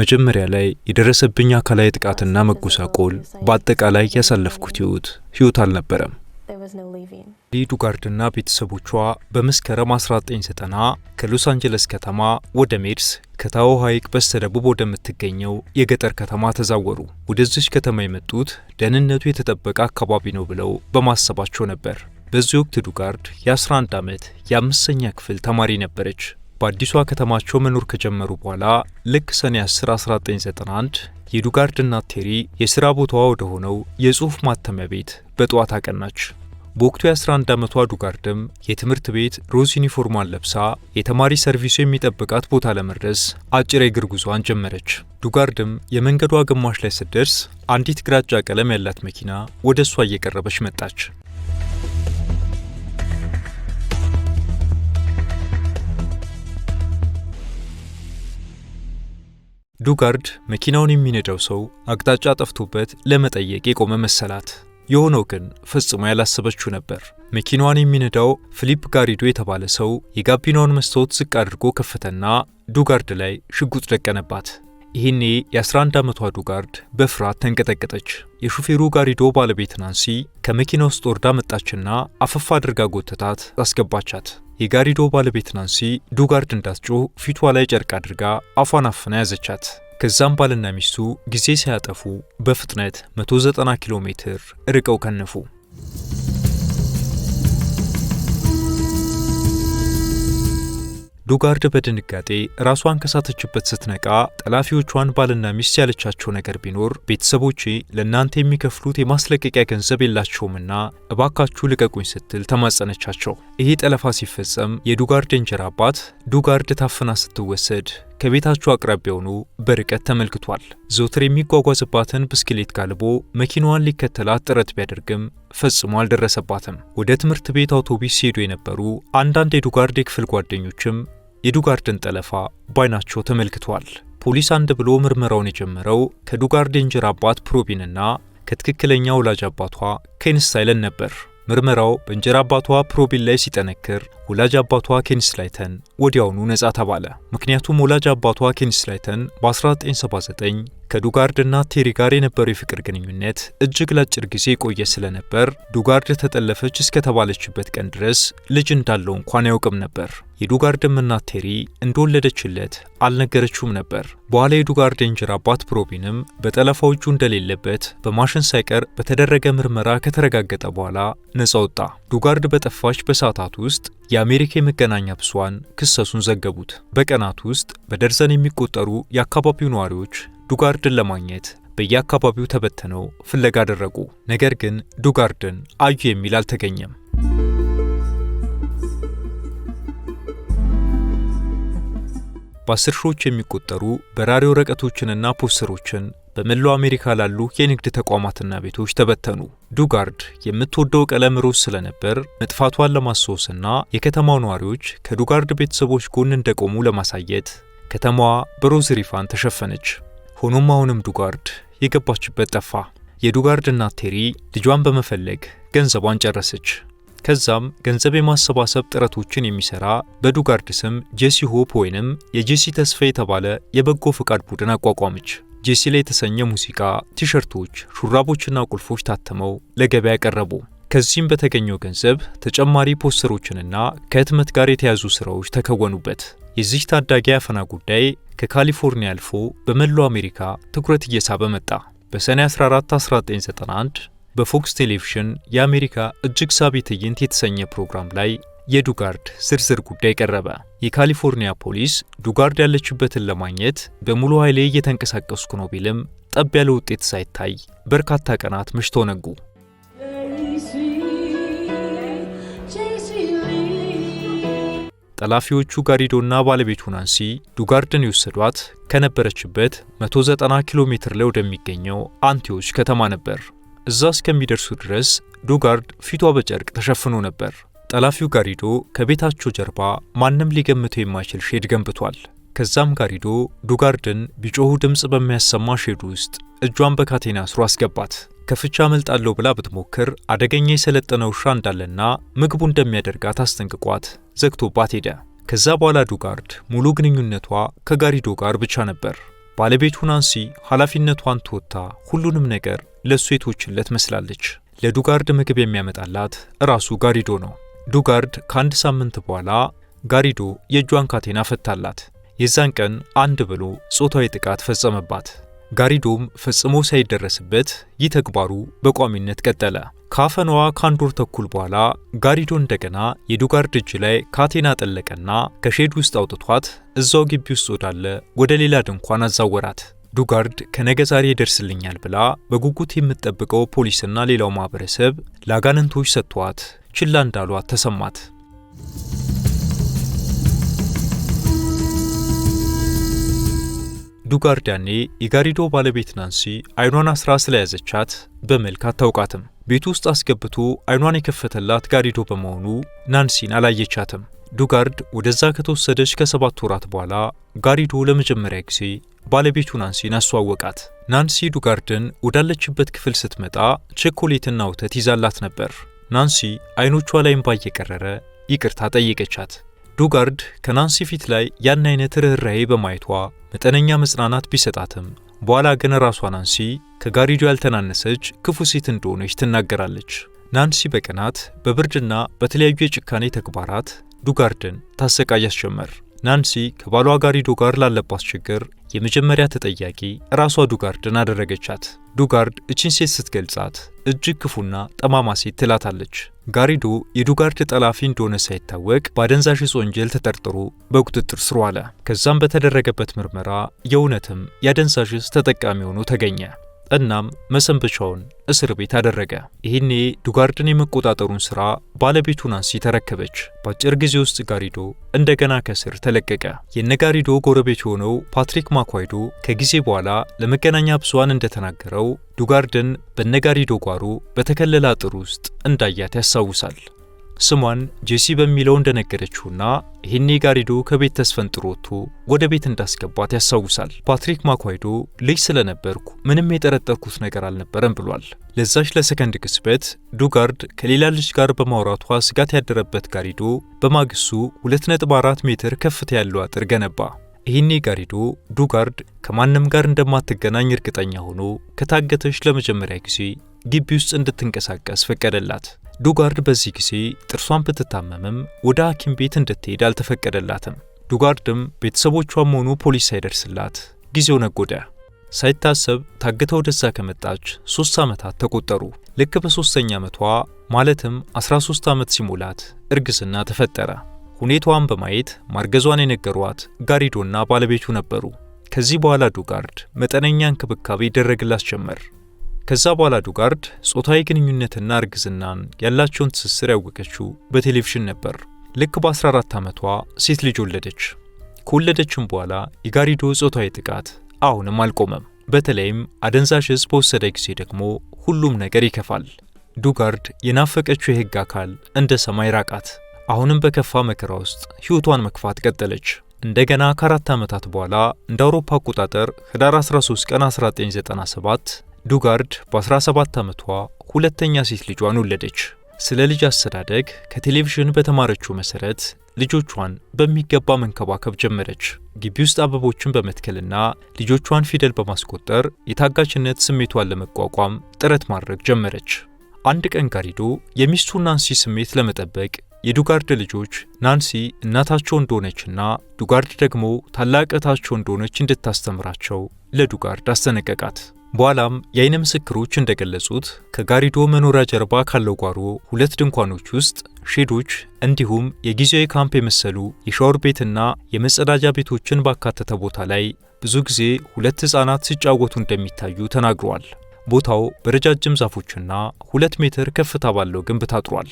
መጀመሪያ ላይ የደረሰብኝ አካላዊ ጥቃትና መጎሳቆል፣ በአጠቃላይ ያሳለፍኩት ህይወት ህይወት አልነበረም። ሊዱ ዱጋርድና ቤተሰቦቿ በመስከረም 1990 ከሎስ አንጀለስ ከተማ ወደ ሜድስ ከታዎ ሐይቅ በስተደቡብ ወደምትገኘው የገጠር ከተማ ተዛወሩ። ወደዚች ከተማ የመጡት ደህንነቱ የተጠበቀ አካባቢ ነው ብለው በማሰባቸው ነበር። በዚህ ወቅት ዱጋርድ የ11 ዓመት የአምስተኛ ክፍል ተማሪ ነበረች። በአዲሷ ከተማቸው መኖር ከጀመሩ በኋላ ልክ ሰኔ 10 1991 የዱጋርድ እናት ቴሪ የሥራ ቦታዋ ወደ ሆነው የጽሑፍ ማተሚያ ቤት በጠዋት አቀናች። በወቅቱ የ11 ዓመቷ ዱጋርድም የትምህርት ቤት ሮዝ ዩኒፎርሟን ለብሳ የተማሪ ሰርቪሱ የሚጠብቃት ቦታ ለመድረስ አጭር የእግር ጉዞዋን ጀመረች። ዱጋርድም የመንገዷ ግማሽ ላይ ስትደርስ አንዲት ግራጫ ቀለም ያላት መኪና ወደ እሷ እየቀረበች መጣች። ዱጋርድ መኪናውን የሚነዳው ሰው አቅጣጫ ጠፍቶበት ለመጠየቅ የቆመ መሰላት። የሆነው ግን ፈጽሞ ያላሰበችው ነበር። መኪናዋን የሚነዳው ፊሊፕ ጋሪዶ የተባለ ሰው የጋቢናውን መስታወት ዝቅ አድርጎ ከፈተና ዱጋርድ ላይ ሽጉጥ ደቀነባት። ይህኔ የ11 ዓመቷ ዱጋርድ በፍርሃት ተንቀጠቀጠች። የሹፌሩ ጋሪዶ ባለቤት ናንሲ ከመኪና ውስጥ ወርዳ መጣችና አፈፋ አድርጋ ጎተታት፣ አስገባቻት። የጋሪዶ ባለቤት ናንሲ ዱጋርድ እንዳትጮህ ፊቷ ላይ ጨርቅ አድርጋ አፏን አፍና ያዘቻት። ከዛም ባልና ሚስቱ ጊዜ ሳያጠፉ በፍጥነት 190 ኪሎ ሜትር ርቀው ከነፉ። ዱጋርድ በድንጋጤ ራሷን ከሳተችበት ስትነቃ ጠላፊዎቿን ባልና ሚስት ያለቻቸው ነገር ቢኖር ቤተሰቦቼ ለእናንተ የሚከፍሉት የማስለቀቂያ ገንዘብ የላቸውምና እባካችሁ ልቀቁኝ ስትል ተማጸነቻቸው። ይሄ ጠለፋ ሲፈጸም የዱጋርድ እንጀራ አባት ዱጋርድ ታፍና ስትወሰድ ከቤታቸው አቅራቢያ ሆኖ በርቀት ተመልክቷል። ዞትር የሚጓጓዝባትን ብስክሌት ጋልቦ መኪናዋን ሊከተላት ጥረት ቢያደርግም ፈጽሞ አልደረሰባትም። ወደ ትምህርት ቤት አውቶቡስ ሲሄዱ የነበሩ አንዳንድ የዱጋርድ የክፍል ጓደኞችም የዱጋርድን ጠለፋ ባይናቸው ተመልክቷል። ፖሊስ አንድ ብሎ ምርመራውን የጀመረው ከዱጋርድ የእንጀራ አባት ፕሮቢንና ከትክክለኛ ወላጅ አባቷ ኬንስ ሳይለን ነበር። ምርመራው በእንጀራ አባቷ ፕሮቢን ላይ ሲጠነክር ወላጅ አባቷ ኬንስ ላይተን ወዲያውኑ ነጻ ተባለ። ምክንያቱም ወላጅ አባቷ ላይተን በ1979 ከዱጋርድ እና ቴሪ ጋር የነበረው የፍቅር ግንኙነት እጅግ ለአጭር ጊዜ የቆየ ስለነበር ዱጋርድ ተጠለፈች እስከተባለችበት ቀን ድረስ ልጅ እንዳለው እንኳን አያውቅም ነበር። የዱጋርድም እናት ቴሪ እንደወለደችለት አልነገረችውም ነበር። በኋላ የዱጋርድ የእንጀራ አባት ፕሮቢንም በጠለፋው እጁ እንደሌለበት በማሽን ሳይቀር በተደረገ ምርመራ ከተረጋገጠ በኋላ ነጻ ወጣ። ዱጋርድ በጠፋች በሰዓታት ውስጥ የአሜሪካ የመገናኛ ብዙኃን ክሰሱን ዘገቡት። በቀናት ውስጥ በደርዘን የሚቆጠሩ የአካባቢው ነዋሪዎች ዱጋርድን ለማግኘት በየአካባቢው ተበትነው ፍለጋ አደረጉ። ነገር ግን ዱጋርድን አዩ የሚል አልተገኘም። በአስር ሺዎች የሚቆጠሩ በራሪ ወረቀቶችንና ፖስተሮችን በመላው አሜሪካ ላሉ የንግድ ተቋማትና ቤቶች ተበተኑ። ዱጋርድ የምትወደው ቀለም ሮዝ ስለነበር መጥፋቷን ለማስታወስና የከተማው ነዋሪዎች ከዱጋርድ ቤተሰቦች ጎን እንደቆሙ ለማሳየት ከተማዋ በሮዝ ሪፋን ተሸፈነች። ሆኖም አሁንም ዱጋርድ የገባችበት ጠፋ። የዱጋርድ እናት ቴሪ ልጇን በመፈለግ ገንዘቧን ጨረሰች። ከዛም ገንዘብ የማሰባሰብ ጥረቶችን የሚሰራ በዱጋርድ ስም ጄሲ ሆፕ ወይንም የጄሲ ተስፋ የተባለ የበጎ ፈቃድ ቡድን አቋቋመች። ጄሲ ላይ የተሰኘ ሙዚቃ፣ ቲሸርቶች፣ ሹራቦችና ቁልፎች ታተመው ለገበያ ቀረቡ። ከዚህም በተገኘው ገንዘብ ተጨማሪ ፖስተሮችንና ከህትመት ጋር የተያዙ ስራዎች ተከወኑበት። የዚህ ታዳጊ አፈና ጉዳይ ከካሊፎርኒያ አልፎ በመላው አሜሪካ ትኩረት እየሳበ መጣ። በሰኔ 14 1991 በፎክስ ቴሌቪዥን የአሜሪካ እጅግ ሳቢ ትዕይንት የተሰኘ ፕሮግራም ላይ የዱጋርድ ዝርዝር ጉዳይ ቀረበ። የካሊፎርኒያ ፖሊስ ዱጋርድ ያለችበትን ለማግኘት በሙሉ ኃይሌ እየተንቀሳቀስኩ ነው ቢልም ጠብ ያለ ውጤት ሳይታይ በርካታ ቀናት መሽቶ ነጉ። ጠላፊዎቹ ጋሪዶና ባለቤቱ ናንሲ ዱጋርድን የወሰዷት ከነበረችበት 190 ኪሎ ሜትር ላይ ወደሚገኘው አንቲዎች ከተማ ነበር። እዛ እስከሚደርሱ ድረስ ዱጋርድ ፊቷ በጨርቅ ተሸፍኖ ነበር። ጠላፊው ጋሪዶ ከቤታቸው ጀርባ ማንም ሊገምተው የማይችል ሼድ ገንብቷል። ከዛም ጋሪዶ ዱጋርድን ቢጮሁ ድምፅ በሚያሰማ ሼድ ውስጥ እጇን በካቴና አስሮ አስገባት። ከፍቻ መልጣለው ብላ ብትሞክር አደገኛ የሰለጠነ ውሻ እንዳለና ምግቡ እንደሚያደርጋት አስጠንቅቋት ዘግቶባት ሄደ። ከዛ በኋላ ዱጋርድ ሙሉ ግንኙነቷ ከጋሪዶ ጋር ብቻ ነበር። ባለቤቱ ናንሲ ኃላፊነቷን ትወታ ሁሉንም ነገር ለእሱ የተወችለት መስላለች። ለዱጋርድ ምግብ የሚያመጣላት ራሱ ጋሪዶ ነው። ዱጋርድ ከአንድ ሳምንት በኋላ ጋሪዶ የእጇን ካቴና ፈታላት። የዛን ቀን አንድ ብሎ ጾታዊ ጥቃት ፈጸመባት። ጋሪዶም ፈጽሞ ሳይደረስበት ይህ ተግባሩ በቋሚነት ቀጠለ። ከአፈናዋ ከአንድ ወር ተኩል በኋላ ጋሪዶ እንደገና የዱጋርድ እጅ ላይ ካቴና ጠለቀና ከሼድ ውስጥ አውጥቷት እዛው ግቢ ውስጥ ወዳለ ወደ ሌላ ድንኳን አዛወራት። ዱጋርድ ከነገ ዛሬ ይደርስልኛል ብላ በጉጉት የምትጠብቀው ፖሊስና ሌላው ማህበረሰብ ለአጋንንቶች ሰጥቷት ችላ እንዳሏት ተሰማት። አንዱ ጋርዲያኔ የጋሪዶ ባለቤት ናንሲ አይኗን አስራ ስለያዘቻት በመልክ አታውቃትም። ቤት ውስጥ አስገብቶ አይኗን የከፈተላት ጋሪዶ በመሆኑ ናንሲን አላየቻትም። ዱጋርድ ወደዛ ከተወሰደች ከሰባት ወራት በኋላ ጋሪዶ ለመጀመሪያ ጊዜ ባለቤቱ ናንሲን አስተዋወቃት። ናንሲ ዱጋርድን ወዳለችበት ክፍል ስትመጣ ቸኮሌትና ወተት ይዛላት ነበር። ናንሲ አይኖቿ ላይ እንባ እየቀረረ ይቅርታ ጠየቀቻት። ዱጋርድ ከናንሲ ፊት ላይ ያን አይነት ርኅራኄ በማየቷ መጠነኛ መጽናናት ቢሰጣትም በኋላ ግን ራሷ ናንሲ ከጋሪጆ ያልተናነሰች ክፉ ሴት እንደሆነች ትናገራለች። ናንሲ በቀናት በብርድና በተለያዩ የጭካኔ ተግባራት ዱጋርድን ታሰቃያስ ጀመር። ናንሲ ከባሏ ጋር ዱጋርድ ላለባት ችግር የመጀመሪያ ተጠያቂ ራሷ ዱጋርድን አደረገቻት። ዱጋርድ እችን ሴት ስትገልጻት እጅግ ክፉና ጠማማ ሴት ትላታለች። ጋሪዶ የዱጋርድ ጠላፊ እንደሆነ ሳይታወቅ በአደንዛዥ ወንጀል ተጠርጥሮ በቁጥጥር ስር ዋለ። ከዛም በተደረገበት ምርመራ የእውነትም የአደንዛዥ ተጠቃሚ ሆኖ ተገኘ። እናም መሰንበቻውን እስር ቤት አደረገ። ይህኔ ዱጋርድን የመቆጣጠሩን ሥራ ባለቤቱ ናንሲ ተረከበች። በአጭር ጊዜ ውስጥ ጋሪዶ እንደገና ከእስር ተለቀቀ። የነጋሪዶ ጎረቤት የሆነው ፓትሪክ ማኳይዶ ከጊዜ በኋላ ለመገናኛ ብዙኃን እንደተናገረው ዱጋርድን በነጋሪዶ ጓሮ በተከለለ አጥር ውስጥ እንዳያት ያስታውሳል። ስሟን ጄሲ በሚለው እንደነገረችውና ይህኔ ጋሪዶ ከቤት ተስፈንጥሮ ወጥቶ ወደ ቤት እንዳስገባት ያስታውሳል። ፓትሪክ ማኳይዶ ልጅ ስለነበርኩ ምንም የጠረጠርኩት ነገር አልነበረም ብሏል። ለዛች ለሰከንድ ቅጽበት ዱጋርድ ከሌላ ልጅ ጋር በማውራቷ ስጋት ያደረበት ጋሪዶ በማግስቱ 2.4 ሜትር ከፍታ ያለው አጥር ገነባ። ይህኔ ጋሪዶ ዱጋርድ ከማንም ጋር እንደማትገናኝ እርግጠኛ ሆኖ ከታገተች ለመጀመሪያ ጊዜ ግቢ ውስጥ እንድትንቀሳቀስ ፈቀደላት። ዱጋርድ በዚህ ጊዜ ጥርሷን ብትታመምም ወደ ሐኪም ቤት እንድትሄድ አልተፈቀደላትም። ዱጋርድም ቤተሰቦቿም ሆኑ ፖሊስ ሳይደርስላት ጊዜው ነጎደ። ሳይታሰብ ታግታ ወደዛ ከመጣች ሶስት ዓመታት ተቆጠሩ። ልክ በሦስተኛ ዓመቷ ማለትም 13 ዓመት ሲሞላት እርግዝና ተፈጠረ። ሁኔታዋን በማየት ማርገዟን የነገሯት ጋሪዶና ባለቤቱ ነበሩ። ከዚህ በኋላ ዱጋርድ መጠነኛ እንክብካቤ ይደረግላት ጀመር። ከዛ በኋላ ዱጋርድ ጾታዊ ግንኙነትና እርግዝናን ያላቸውን ትስስር ያወቀችው በቴሌቪዥን ነበር። ልክ በ14 ዓመቷ ሴት ልጅ ወለደች። ከወለደችም በኋላ የጋሪዶ ጾታዊ ጥቃት አሁንም አልቆመም። በተለይም አደንዛዥ ዕፅ በወሰደ ጊዜ ደግሞ ሁሉም ነገር ይከፋል። ዱጋርድ የናፈቀችው የሕግ አካል እንደ ሰማይ ራቃት። አሁንም በከፋ መከራ ውስጥ ሕይወቷን መክፋት ቀጠለች። እንደገና ከአራት ዓመታት በኋላ እንደ አውሮፓ አቆጣጠር ኅዳር 13 ቀን 1997 ዱጋርድ በ17 ዓመቷ ሁለተኛ ሴት ልጇን ወለደች። ስለ ልጅ አስተዳደግ ከቴሌቪዥን በተማረችው መሰረት ልጆቿን በሚገባ መንከባከብ ጀመረች። ግቢ ውስጥ አበቦችን በመትከልና ልጆቿን ፊደል በማስቆጠር የታጋችነት ስሜቷን ለመቋቋም ጥረት ማድረግ ጀመረች። አንድ ቀን ጋሪዶ የሚስቱ ናንሲ ስሜት ለመጠበቅ የዱጋርድ ልጆች ናንሲ እናታቸው እንደሆነችና ዱጋርድ ደግሞ ታላቅ እህታቸው እንደሆነች እንድታስተምራቸው ለዱጋርድ አስጠነቀቃት። በኋላም የዓይን ምስክሮች እንደገለጹት ከጋሪዶ መኖሪያ ጀርባ ካለው ጓሮ ሁለት ድንኳኖች ውስጥ ሼዶች እንዲሁም የጊዜያዊ ካምፕ የመሰሉ የሻወር ቤትና የመጸዳጃ ቤቶችን ባካተተ ቦታ ላይ ብዙ ጊዜ ሁለት ሕፃናት ሲጫወቱ እንደሚታዩ ተናግረዋል። ቦታው በረጃጅም ዛፎችና ሁለት ሜትር ከፍታ ባለው ግንብ ታጥሯል።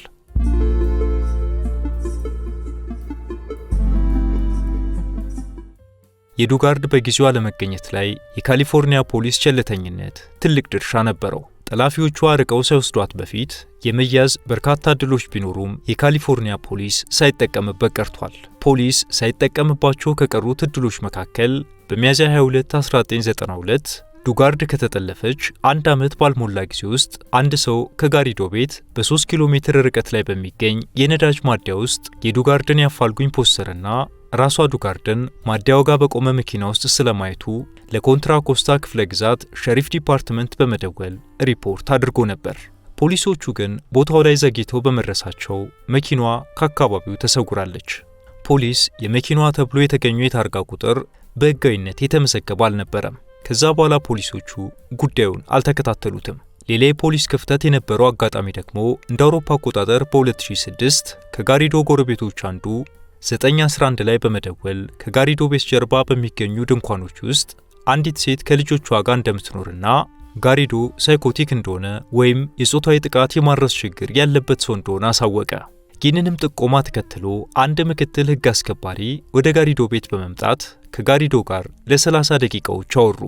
የዱጋርድ በጊዜው አለመገኘት ላይ የካሊፎርኒያ ፖሊስ ቸልተኝነት ትልቅ ድርሻ ነበረው። ጠላፊዎቿ ርቀው ሳይወስዷት በፊት የመያዝ በርካታ እድሎች ቢኖሩም የካሊፎርኒያ ፖሊስ ሳይጠቀምበት ቀርቷል። ፖሊስ ሳይጠቀምባቸው ከቀሩት እድሎች መካከል በሚያዝያ 22 1992 ዱጋርድ ከተጠለፈች አንድ ዓመት ባልሞላ ጊዜ ውስጥ አንድ ሰው ከጋሪዶ ቤት በ3 ኪሎ ሜትር ርቀት ላይ በሚገኝ የነዳጅ ማደያ ውስጥ የዱጋርድን ያፋልጉኝ ፖስተርና ራሷ ዱጋርደን ማደያው ጋር በቆመ መኪና ውስጥ ስለማየቱ ለኮንትራ ኮስታ ክፍለ ግዛት ሸሪፍ ዲፓርትመንት በመደወል ሪፖርት አድርጎ ነበር። ፖሊሶቹ ግን ቦታው ላይ ዘግይተው በመድረሳቸው መኪናዋ ከአካባቢው ተሰውራለች። ፖሊስ የመኪናዋ ተብሎ የተገኘው የታርጋ ቁጥር በሕጋዊነት የተመዘገበ አልነበረም። ከዛ በኋላ ፖሊሶቹ ጉዳዩን አልተከታተሉትም። ሌላ የፖሊስ ክፍተት የነበረው አጋጣሚ ደግሞ እንደ አውሮፓ አቆጣጠር በ2006 ከጋሪዶ ጎረቤቶች አንዱ 911 ላይ በመደወል ከጋሪዶ ቤስ ጀርባ በሚገኙ ድንኳኖች ውስጥ አንዲት ሴት ከልጆቿ ጋር እንደምትኖርና ጋሪዶ ሳይኮቲክ እንደሆነ ወይም የጾታዊ ጥቃት የማድረስ ችግር ያለበት ሰው እንደሆነ አሳወቀ። ይህንንም ጥቆማ ተከትሎ አንድ ምክትል ሕግ አስከባሪ ወደ ጋሪዶ ቤት በመምጣት ከጋሪዶ ጋር ለ30 ደቂቃዎች አወሩ።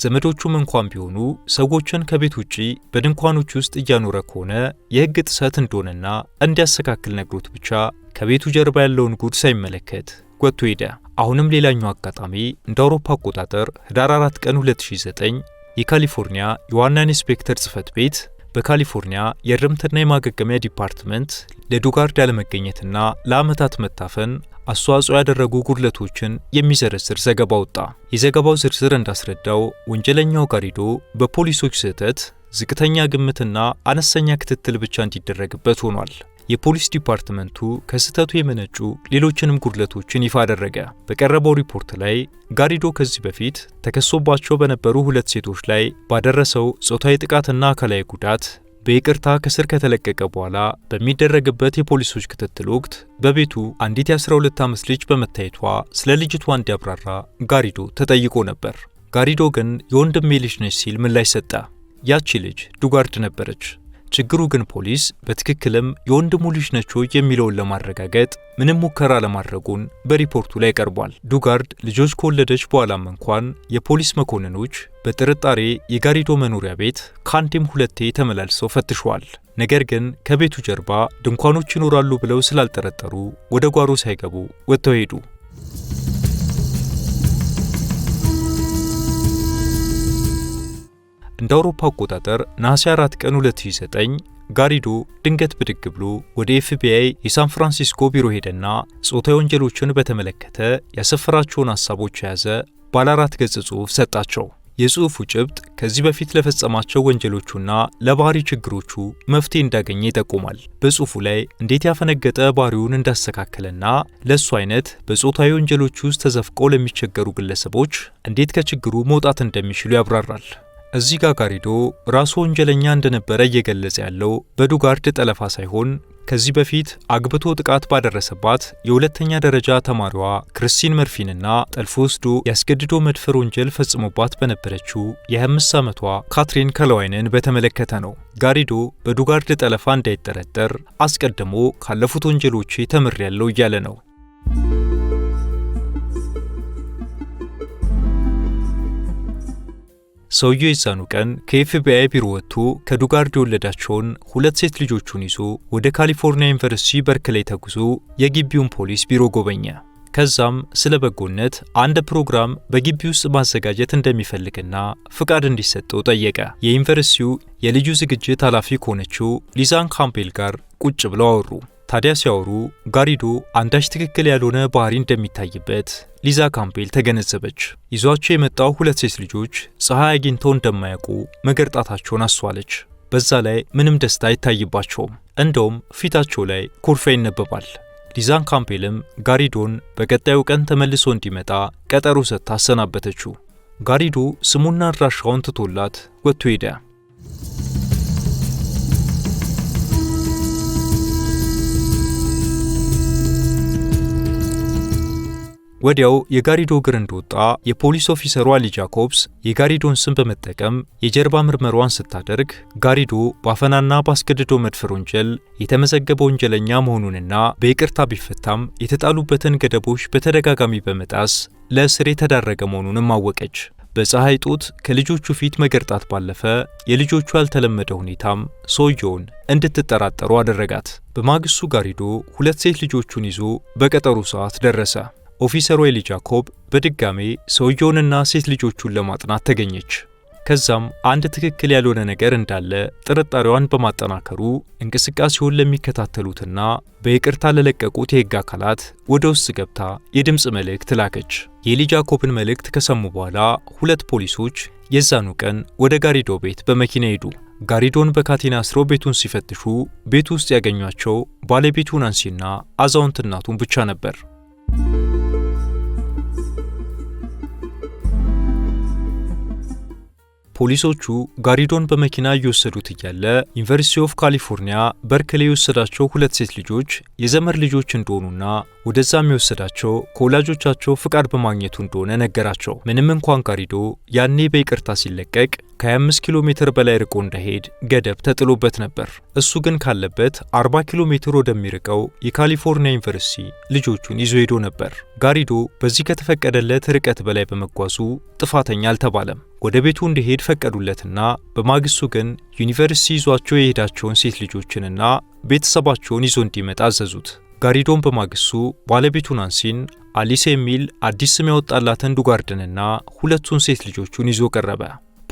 ዘመዶቹም እንኳን ቢሆኑ ሰዎችን ከቤት ውጪ በድንኳኖች ውስጥ እያኖረ ከሆነ የሕግ ጥሰት እንደሆነና እንዲያስተካክል ነግሮት ብቻ ከቤቱ ጀርባ ያለውን ጉድ ሳይመለከት ወጥቶ ሄደ። አሁንም ሌላኛው አጋጣሚ እንደ አውሮፓ አቆጣጠር ህዳር 4 ቀን 2009 የካሊፎርኒያ የዋና ኢንስፔክተር ጽህፈት ቤት በካሊፎርኒያ የእርምትና የማገገሚያ ዲፓርትመንት ለዱጋርድ ያለመገኘትና ለዓመታት መታፈን አስተዋጽኦ ያደረጉ ጉድለቶችን የሚዘረዝር ዘገባ ወጣ። የዘገባው ዝርዝር እንዳስረዳው ወንጀለኛው ጋሪዶ በፖሊሶች ስህተት ዝቅተኛ ግምትና አነስተኛ ክትትል ብቻ እንዲደረግበት ሆኗል። የፖሊስ ዲፓርትመንቱ ከስህተቱ የመነጩ ሌሎችንም ጉድለቶችን ይፋ አደረገ። በቀረበው ሪፖርት ላይ ጋሪዶ ከዚህ በፊት ተከሶባቸው በነበሩ ሁለት ሴቶች ላይ ባደረሰው ጾታዊ ጥቃትና አካላዊ ጉዳት በይቅርታ ከስር ከተለቀቀ በኋላ በሚደረግበት የፖሊሶች ክትትል ወቅት በቤቱ አንዲት የ12 ዓመት ልጅ በመታየቷ ስለ ልጅቷ እንዲያብራራ ጋሪዶ ተጠይቆ ነበር። ጋሪዶ ግን የወንድሜ ልጅ ነች ሲል ምላሽ ሰጠ። ያቺ ልጅ ዱጋርድ ነበረች። ችግሩ ግን ፖሊስ በትክክልም የወንድሙ ልጅ ነች የሚለውን ለማረጋገጥ ምንም ሙከራ ለማድረጉን በሪፖርቱ ላይ ቀርቧል። ዱጋርድ ልጆች ከወለደች በኋላም እንኳን የፖሊስ መኮንኖች በጥርጣሬ የጋሪዶ መኖሪያ ቤት ከአንዴም ሁለቴ ተመላልሰው ፈትሸዋል። ነገር ግን ከቤቱ ጀርባ ድንኳኖች ይኖራሉ ብለው ስላልጠረጠሩ ወደ ጓሮ ሳይገቡ ወጥተው ሄዱ። እንደ አውሮፓ አቆጣጠር ነሐሴ 4 ቀን 2009 ጋሪዶ ድንገት ብድግ ብሎ ወደ ኤፍቢአይ የሳን ፍራንሲስኮ ቢሮ ሄደና ጾታዊ ወንጀሎችን በተመለከተ ያሰፈራቸውን ሀሳቦች የያዘ ባለ አራት ገጽ ጽሑፍ ሰጣቸው። የጽሑፉ ጭብጥ ከዚህ በፊት ለፈጸማቸው ወንጀሎቹና ለባህሪ ችግሮቹ መፍትሄ እንዳገኘ ይጠቁማል። በጽሑፉ ላይ እንዴት ያፈነገጠ ባህሪውን እንዳስተካከለና ለእሱ አይነት በጾታዊ ወንጀሎች ውስጥ ተዘፍቀው ለሚቸገሩ ግለሰቦች እንዴት ከችግሩ መውጣት እንደሚችሉ ያብራራል። እዚህ ጋር ጋሪዶ ራሱ ወንጀለኛ እንደነበረ እየገለጸ ያለው በዱጋርድ ጠለፋ ሳይሆን ከዚህ በፊት አግብቶ ጥቃት ባደረሰባት የሁለተኛ ደረጃ ተማሪዋ ክርስቲን መርፊንና ጠልፎ ወስዶ ያስገድዶ መድፈር ወንጀል ፈጽሞባት በነበረችው የ25 ዓመቷ ካትሪን ከለዋይንን በተመለከተ ነው። ጋሪዶ በዱጋርድ ጠለፋ እንዳይጠረጠር አስቀድሞ ካለፉት ወንጀሎቼ ተምሬያለሁ እያለ ነው። ሰውየው የዛኑ ቀን ከኤፍቢአይ ቢሮ ወጥቶ ከዱጋርድ የወለዳቸውን ሁለት ሴት ልጆቹን ይዞ ወደ ካሊፎርኒያ ዩኒቨርሲቲ ላይ ተጉዞ የግቢውን ፖሊስ ቢሮ ጎበኘ። ከዛም ስለ በጎነት አንድ ፕሮግራም በግቢ ውስጥ ማዘጋጀት እንደሚፈልግና ፍቃድ እንዲሰጠው ጠየቀ። የዩኒቨርሲቲው የልጁ ዝግጅት ኃላፊ ከሆነችው ሊዛን ካምፔል ጋር ቁጭ ብለው አወሩ። ታዲያ ሲያወሩ ጋሪዶ አንዳች ትክክል ያልሆነ ባህሪ እንደሚታይበት ሊዛ ካምፔል ተገነዘበች። ይዟቸው የመጣው ሁለት ሴት ልጆች ፀሐይ አግኝተው እንደማያውቁ መገርጣታቸውን አስተዋለች። በዛ ላይ ምንም ደስታ አይታይባቸውም። እንደውም ፊታቸው ላይ ኩርፊያ ይነበባል። ሊዛን ካምፔልም ጋሪዶን በቀጣዩ ቀን ተመልሶ እንዲመጣ ቀጠሮ ሰጥታ አሰናበተችው። ጋሪዶ ስሙና አድራሻውን ትቶላት ወጥቶ ሄደ። ወዲያው የጋሪዶ እግር እንደወጣ የፖሊስ ኦፊሰሯ ሊ ጃኮብስ የጋሪዶን ስም በመጠቀም የጀርባ ምርመሯን ስታደርግ ጋሪዶ በአፈናና በአስገድዶ መድፈር ወንጀል የተመዘገበ ወንጀለኛ መሆኑንና በይቅርታ ቢፈታም የተጣሉበትን ገደቦች በተደጋጋሚ በመጣስ ለእስር የተዳረገ መሆኑንም አወቀች። በፀሐይ ጡት ከልጆቹ ፊት መገርጣት ባለፈ የልጆቹ ያልተለመደ ሁኔታም ሰውየውን እንድትጠራጠሩ አደረጋት። በማግስቱ ጋሪዶ ሁለት ሴት ልጆቹን ይዞ በቀጠሩ ሰዓት ደረሰ። ኦፊሰሯ ዌሊ ጃኮብ በድጋሜ ሰውየውንና ሴት ልጆቹን ለማጥናት ተገኘች። ከዛም አንድ ትክክል ያልሆነ ነገር እንዳለ ጥርጣሬዋን በማጠናከሩ እንቅስቃሴውን ለሚከታተሉትና በይቅርታ ለለቀቁት የሕግ አካላት ወደ ውስጥ ገብታ የድምፅ መልእክት ላከች። የሊ ጃኮብን መልእክት ከሰሙ በኋላ ሁለት ፖሊሶች የዛኑ ቀን ወደ ጋሪዶ ቤት በመኪና ሄዱ። ጋሪዶን በካቴና አስረው ቤቱን ሲፈትሹ ቤቱ ውስጥ ያገኟቸው ባለቤቱ ናንሲና አዛውንት እናቱን ብቻ ነበር። ፖሊሶቹ ጋሪዶን በመኪና እየወሰዱት እያለ ዩኒቨርሲቲ ኦፍ ካሊፎርኒያ በርክሌ የወሰዳቸው ሁለት ሴት ልጆች የዘመድ ልጆች እንደሆኑና ወደዛ የሚወሰዳቸው ከወላጆቻቸው ፍቃድ በማግኘቱ እንደሆነ ነገራቸው። ምንም እንኳን ጋሪዶ ያኔ በይቅርታ ሲለቀቅ ከ25 ኪሎ ሜትር በላይ ርቆ እንዳይሄድ ገደብ ተጥሎበት ነበር። እሱ ግን ካለበት 40 ኪሎ ሜትር ወደሚርቀው የካሊፎርኒያ ዩኒቨርሲቲ ልጆቹን ይዞ ሄዶ ነበር። ጋሪዶ በዚህ ከተፈቀደለት ርቀት በላይ በመጓዙ ጥፋተኛ አልተባለም። ወደ ቤቱ እንዲሄድ ፈቀዱለትና በማግስቱ ግን ዩኒቨርሲቲ ይዟቸው የሄዳቸውን ሴት ልጆችንና ቤተሰባቸውን ይዞ እንዲመጣ አዘዙት። ጋሪዶን በማግስቱ ባለቤቱ ናንሲን አሊስ የሚል አዲስ ስም ያወጣላትን ዱጋርድንና ሁለቱን ሴት ልጆቹን ይዞ ቀረበ።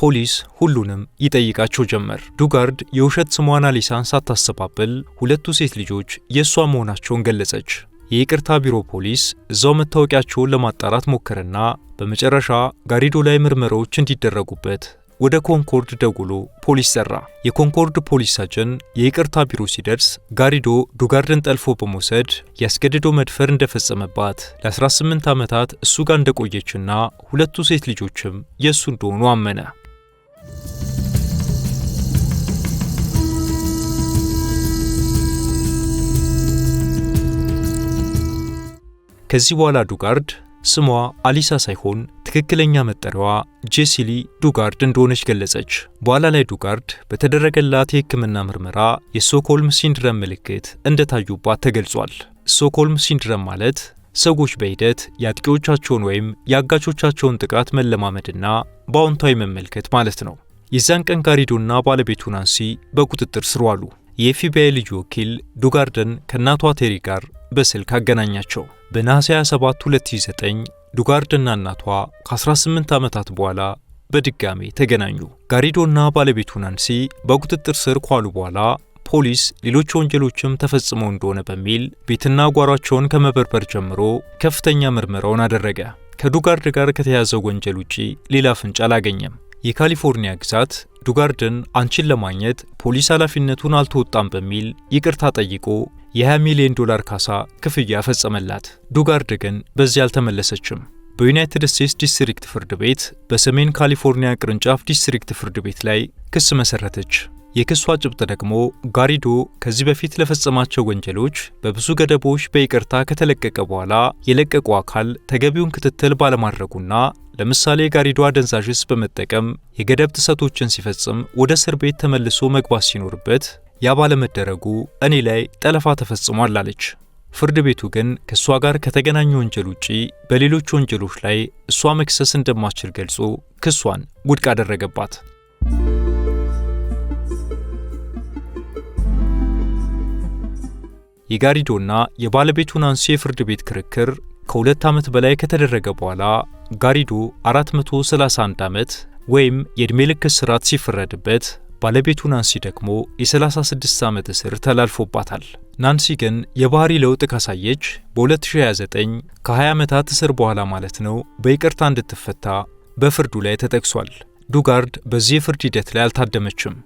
ፖሊስ ሁሉንም ይጠይቃቸው ጀመር። ዱጋርድ የውሸት ስሟን አሊሳን ሳታሰባብል ሁለቱ ሴት ልጆች የእሷ መሆናቸውን ገለጸች። የይቅርታ ቢሮ ፖሊስ እዛው መታወቂያቸውን ለማጣራት ሞከረና በመጨረሻ ጋሪዶ ላይ ምርመራዎች እንዲደረጉበት ወደ ኮንኮርድ ደውሎ ፖሊስ ጠራ። የኮንኮርድ ፖሊስ ሳጅን የይቅርታ ቢሮ ሲደርስ ጋሪዶ ዱጋርድን ጠልፎ በመውሰድ ያስገድዶ መድፈር እንደፈጸመባት ለ18 ዓመታት እሱ ጋር እንደቆየችና ሁለቱ ሴት ልጆችም የእሱ እንደሆኑ አመነ። ከዚህ በኋላ ዱጋርድ ስሟ አሊሳ ሳይሆን ትክክለኛ መጠሪያዋ ጄሲሊ ዱጋርድ እንደሆነች ገለጸች። በኋላ ላይ ዱጋርድ በተደረገላት የሕክምና ምርመራ የስቶክሆልም ሲንድረም ምልክት እንደታዩባት ተገልጿል። ስቶክሆልም ሲንድረም ማለት ሰዎች በሂደት የአጥቂዎቻቸውን ወይም የአጋቾቻቸውን ጥቃት መለማመድና በአዎንታዊ መመልከት ማለት ነው። የዚያን ቀን ጋሪዶና ባለቤቱ ናንሲ በቁጥጥር ስር ዋሉ። የኤፍቢአይ ልዩ ወኪል ዱጋርደን ከእናቷ ቴሪ ጋር በስልክ አገናኛቸው። በነሐሴ 27 2009 ዱጋርደና እናቷ ከ18 ዓመታት በኋላ በድጋሜ ተገናኙ። ጋሪዶና ባለቤቱ ናንሲ በቁጥጥር ስር ከዋሉ በኋላ ፖሊስ ሌሎች ወንጀሎችም ተፈጽመው እንደሆነ በሚል ቤትና ጓሯቸውን ከመበርበር ጀምሮ ከፍተኛ ምርመራውን አደረገ። ከዱጋርድ ጋር ከተያዘው ወንጀል ውጪ ሌላ ፍንጭ አላገኘም። የካሊፎርኒያ ግዛት ዱጋርድን አንቺን ለማግኘት ፖሊስ ኃላፊነቱን አልተወጣም በሚል ይቅርታ ጠይቆ የ20 ሚሊዮን ዶላር ካሳ ክፍያ ፈጸመላት። ዱጋርድ ግን በዚህ አልተመለሰችም። በዩናይትድ ስቴትስ ዲስትሪክት ፍርድ ቤት በሰሜን ካሊፎርኒያ ቅርንጫፍ ዲስትሪክት ፍርድ ቤት ላይ ክስ መሰረተች። የክሷ ጭብጥ ደግሞ ጋሪዶ ከዚህ በፊት ለፈጸማቸው ወንጀሎች በብዙ ገደቦች በይቅርታ ከተለቀቀ በኋላ የለቀቁ አካል ተገቢውን ክትትል ባለማድረጉና ለምሳሌ ጋሪዶ አደንዛዥ ዕፅ በመጠቀም የገደብ ጥሰቶችን ሲፈጽም ወደ እስር ቤት ተመልሶ መግባት ሲኖርበት ያ ባለመደረጉ እኔ ላይ ጠለፋ ተፈጽሟል አለች። ፍርድ ቤቱ ግን ከእሷ ጋር ከተገናኙ ወንጀል ውጪ በሌሎች ወንጀሎች ላይ እሷ መክሰስ እንደማትችል ገልጾ ክሷን ውድቅ አደረገባት። የጋሪዶና የባለቤቱ ናንሲ የፍርድ ቤት ክርክር ከሁለት ዓመት በላይ ከተደረገ በኋላ ጋሪዶ 431 ዓመት ወይም የዕድሜ ልክ እስራት ሲፈረድበት ባለቤቱ ናንሲ ደግሞ የ36 ዓመት እስር ተላልፎባታል። ናንሲ ግን የባህሪ ለውጥ ካሳየች በ2029 ከ20 ዓመታት እስር በኋላ ማለት ነው በይቅርታ እንድትፈታ በፍርዱ ላይ ተጠቅሷል። ዱጋርድ በዚህ የፍርድ ሂደት ላይ አልታደመችም።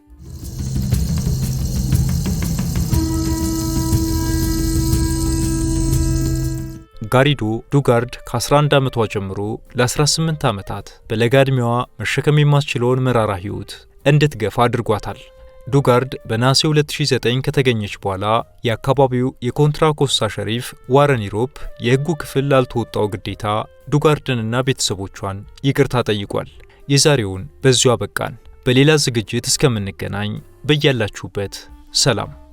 ነጋሪዶ ዱጋርድ ከ11 ዓመቷ ጀምሮ ለ18 ዓመታት በለጋ ዕድሜዋ መሸከም የማስችለውን መራራ ሕይወት እንድትገፋ አድርጓታል። ዱጋርድ በነሐሴ 2009 ከተገኘች በኋላ የአካባቢው የኮንትራ ኮስታ ሸሪፍ ዋረን ሮፕ የሕጉ ክፍል ላልተወጣው ግዴታ ዱጋርድንና ቤተሰቦቿን ይቅርታ ጠይቋል። የዛሬውን በዚሁ አበቃን። በሌላ ዝግጅት እስከምንገናኝ በያላችሁበት ሰላም